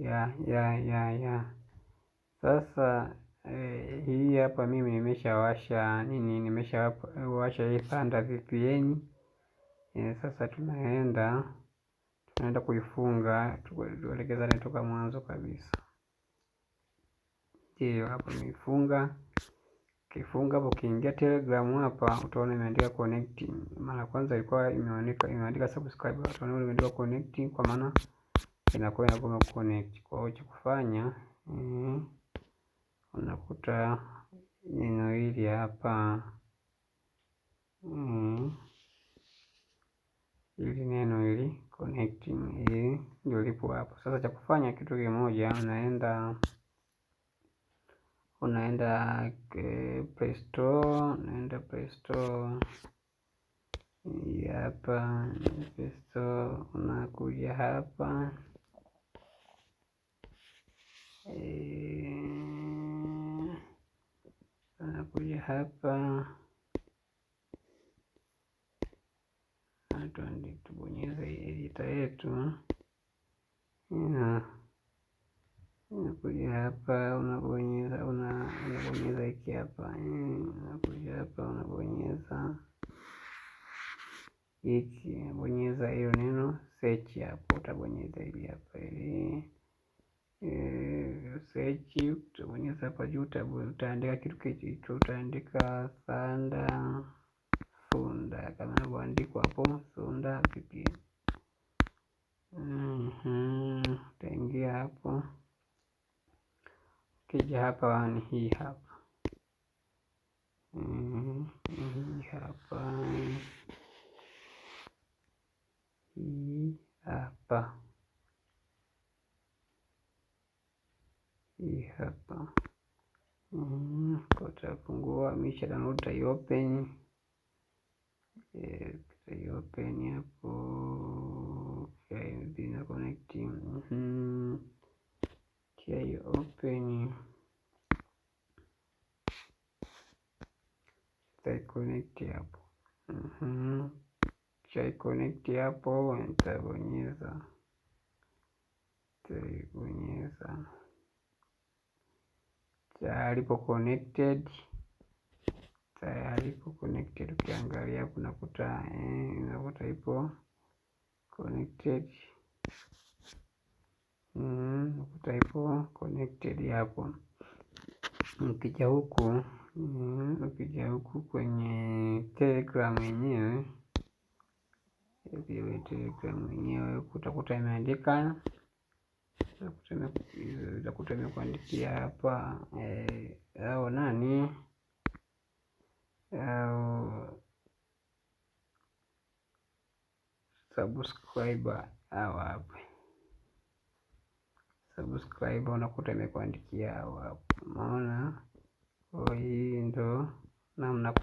ya ya ya ya. Sasa eh, hii hapa mimi nimeshawasha nini, nimeshawasha hii Thunder VPN. E, eh, sasa tunaenda tunaenda kuifunga, tuelekeza tu, toka mwanzo kabisa. Hiyo hapa nimeifunga. Kifunga hapo, kiingia Telegram hapa utaona imeandika connecting. Mara kwanza ilikuwa imeandika imeandika subscribe, utaona imeandika connecting kwa maana inakuwa inakuwa connect. Kwa hiyo cha kufanya mm, unakuta neno hili hapa mm, ili neno hili connecting, hili ndio lipo hapo. Sasa cha kufanya kitu kimoja, unaenda unaenda eh, Play Store, unaenda Play Store hapa, Play Store unakuja hapa Eh, anakuja hapa tubonyeza edita yetu, unakuja hapa unabonyeza, unabonyeza iki hapa, unakuja hapa unabonyeza iki unabonyeza hiyo neno sechi hapo, utabonyeza ili hapa ili Eh, search utabonyeza hapa juu, utaandika kitu kicho, utaandika sanda sunda kama inavyoandikwa hapo sunda pipi. Mhm, utaingia hapo, ukija hapa ni hii hapa Hii hapa. Mm, utafungua misha na utaiopeni. Eh, utaiopeni hapo. KIMB na connect. Mhm. Kia open. Utai connect hapo. Kia mm-hmm. connect hapo, nitabonyeza. Nitabonyeza tayaripo connected tayaripo connected. Ukiangalia unakuta eh, unakuta ipo connected mm, unakuta ipo connected hapo. Ukija huku mm, ukija huku kwenye Telegram yenyewe, Telegram yenyewe utakuta imeandika Unakuta imekuandikia hapa eh, au nani au subscriber au hapa subscriber, unakuta imekuandikia au hapa, unaona. Kwa ndo namna